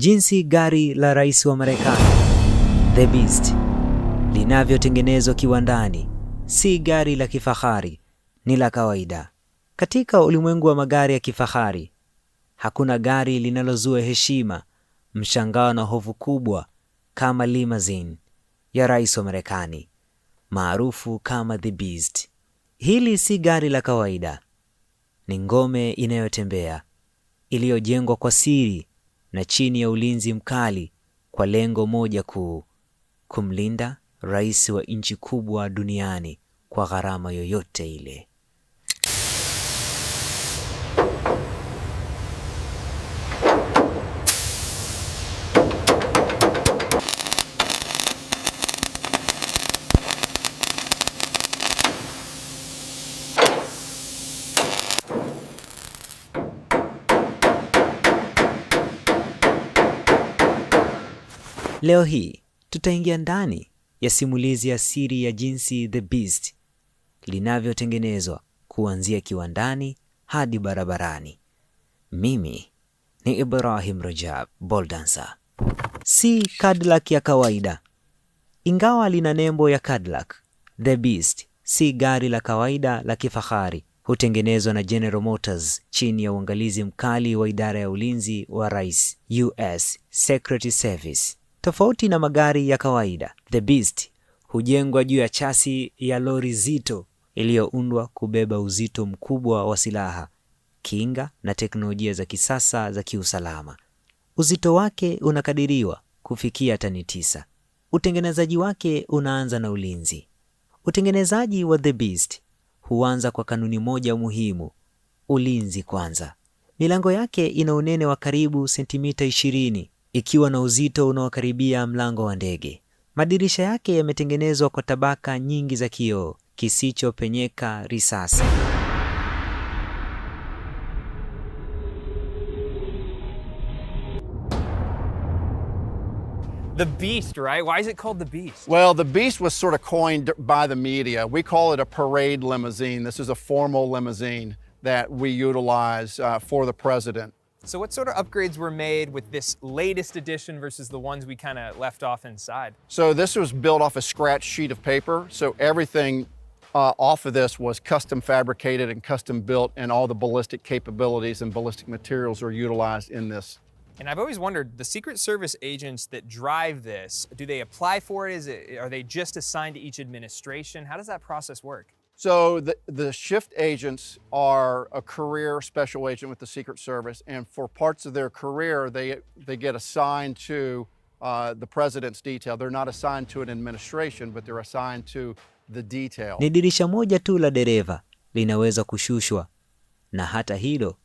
jinsi gari la rais wa Marekani The Beast linavyotengenezwa kiwandani. Si gari la kifahari, ni la kawaida. Katika ulimwengu wa magari ya kifahari, hakuna gari linalozua heshima, mshangao na hofu kubwa kama limousine ya rais wa Marekani maarufu kama The Beast. Hili si gari la kawaida, ni ngome inayotembea iliyojengwa kwa siri na chini ya ulinzi mkali kwa lengo moja kuu: kumlinda rais wa nchi kubwa duniani kwa gharama yoyote ile. Leo hii tutaingia ndani ya simulizi ya siri ya jinsi The Beast linavyotengenezwa kuanzia kiwandani hadi barabarani. Mimi ni Ibrahim Rajab Boldansa. Si Cadillac ya kawaida, ingawa lina nembo ya Cadillac. The Beast si gari la kawaida la kifahari, hutengenezwa na General Motors chini ya uangalizi mkali wa idara ya ulinzi wa rais, US Secret Service. Tofauti na magari ya kawaida, The Beast hujengwa juu ya chasi ya lori zito iliyoundwa kubeba uzito mkubwa wa silaha, kinga na teknolojia za kisasa za kiusalama. Uzito wake unakadiriwa kufikia tani tisa. Utengenezaji wake unaanza na ulinzi. Utengenezaji wa The Beast huanza kwa kanuni moja muhimu: ulinzi kwanza. Milango yake ina unene wa karibu sentimita 20 ikiwa na uzito unaokaribia mlango wa ndege. Madirisha yake yametengenezwa kwa tabaka nyingi za kioo kisichopenyeka risasi. The Beast, right? Why is it called the Beast? Well, the Beast was sort of coined by the media. We call it a parade limousine. This is a formal limousine that we utilize uh, for the president. So what sort of upgrades were made with this latest edition versus the ones we kind of left off inside? So this was built off a scratch sheet of paper. So everything uh, off of this was custom fabricated and custom built and all the ballistic capabilities and ballistic materials are utilized in this. And I've always wondered, the Secret Service agents that drive this, do they apply for it? Is it are they just assigned to each administration? How does that process work? So the, the shift agents are a career special agent with the Secret Service, and for parts of their career, they, they get assigned to uh, the president's detail. They're not assigned to an administration, but they're assigned to the detail. Ni dirisha moja tu la dereva linaweza kushushwa, na hata hilo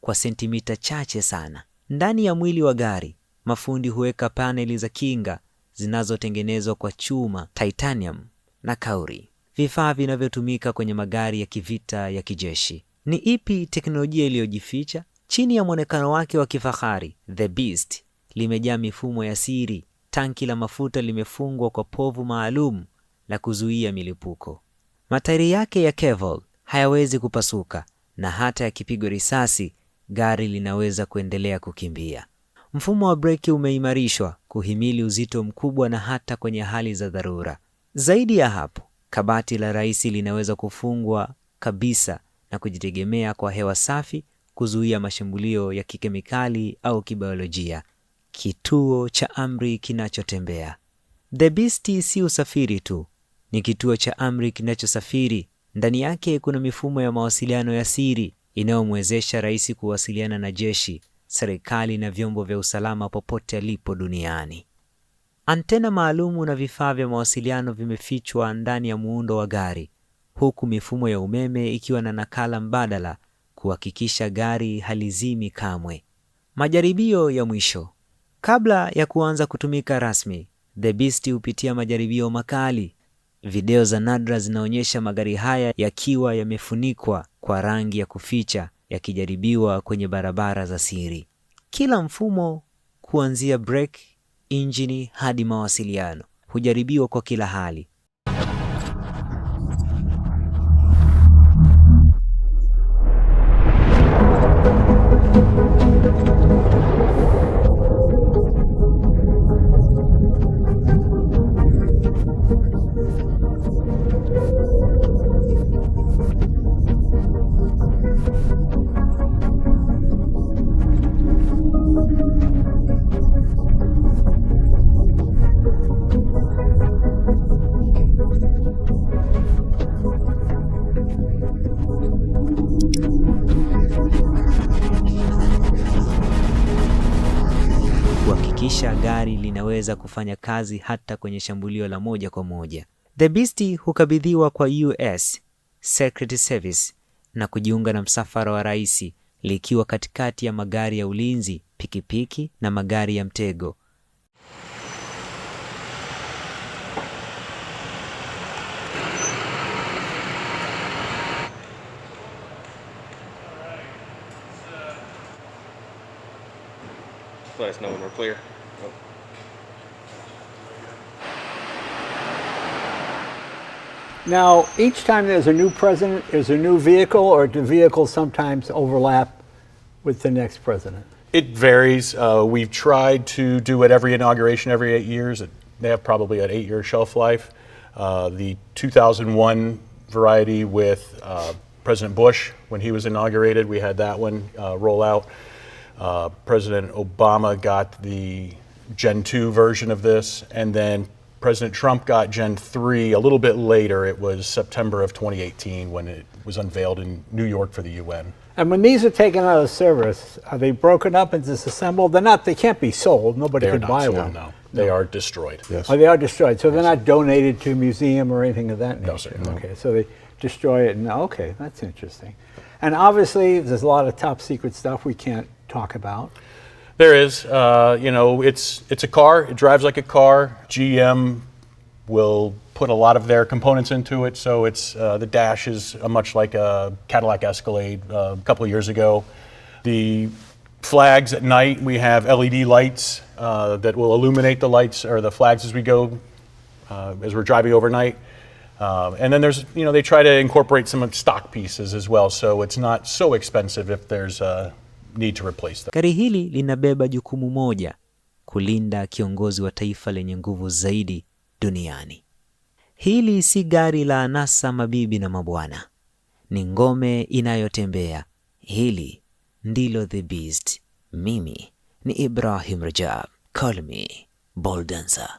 kwa sentimita chache sana. Ndani ya mwili wa gari, mafundi huweka paneli za kinga zinazotengenezwa kwa chuma, titanium na kauri vifaa vinavyotumika kwenye magari ya kivita ya kijeshi. Ni ipi teknolojia iliyojificha chini ya mwonekano wake wa kifahari? The Beast limejaa mifumo ya siri. Tanki la mafuta limefungwa kwa povu maalum la kuzuia milipuko. Matairi yake ya Kevlar hayawezi kupasuka, na hata yakipigwa risasi gari linaweza kuendelea kukimbia. Mfumo wa breki umeimarishwa kuhimili uzito mkubwa na hata kwenye hali za dharura. Zaidi ya hapo Kabati la rais linaweza kufungwa kabisa na kujitegemea kwa hewa safi kuzuia mashambulio ya kikemikali au kibiolojia. Kituo cha amri kinachotembea. The Beast si usafiri tu, ni kituo cha amri kinachosafiri. Ndani yake kuna mifumo ya mawasiliano ya siri inayomwezesha rais kuwasiliana na jeshi, serikali na vyombo vya usalama popote alipo duniani. Antena maalumu na vifaa vya mawasiliano vimefichwa ndani ya muundo wa gari, huku mifumo ya umeme ikiwa na nakala mbadala kuhakikisha gari halizimi kamwe. Majaribio ya mwisho kabla ya kuanza kutumika rasmi. The Beast hupitia majaribio makali. Video za nadra zinaonyesha magari haya yakiwa yamefunikwa kwa rangi ya kuficha yakijaribiwa kwenye barabara za siri. Kila mfumo kuanzia brake injini hadi mawasiliano hujaribiwa kwa kila hali. Kisha gari linaweza kufanya kazi hata kwenye shambulio la moja kwa moja. The Beast hukabidhiwa kwa US Secret Service na kujiunga na msafara wa rais, likiwa katikati ya magari ya ulinzi, pikipiki na magari ya mtego. No, we're clear. Now, each time there's a new president, is a new vehicle, or do vehicles sometimes overlap with the next president? It varies. Uh, we've tried to do at every inauguration every eight years. They have probably an eight-year shelf life. Uh, the 2001 variety with uh, President Bush when he was inaugurated, we had that one uh, roll out. Uh, president Obama got the Gen 2 version of this, and then President Trump got Gen 3 a little bit later. It was September of 2018 when it was unveiled in New York for the UN. And when these are taken out of service, are they broken up and disassembled? They're not. They can't be sold. Nobody They're can buy sold, one. No. They are destroyed. Yes. Oh, they are destroyed. So they're not donated to a museum or anything of that nature. No, sir. No. Okay, so they destroy it. And okay, that's interesting. And obviously, there's a lot of top secret stuff we can't talk about. There is. Uh, you know, it's it's a car. It drives like a car. GM will put a lot of their components into it. So it's uh, the dash is much like a Cadillac Escalade uh, a couple of years ago. The flags at night we have LED lights uh, that will illuminate the lights or the flags as we go uh, as we're driving overnight. Uh, and then there's, you know, they try to incorporate some stock pieces as well, so it's not so expensive if there's need to replace them. Gari hili linabeba jukumu moja, kulinda kiongozi wa taifa lenye nguvu zaidi duniani. Hili si gari la anasa, mabibi na mabwana, ni ngome inayotembea. Hili ndilo The Beast. Mimi ni Ibrahim Rajab, call me Bol Dancer.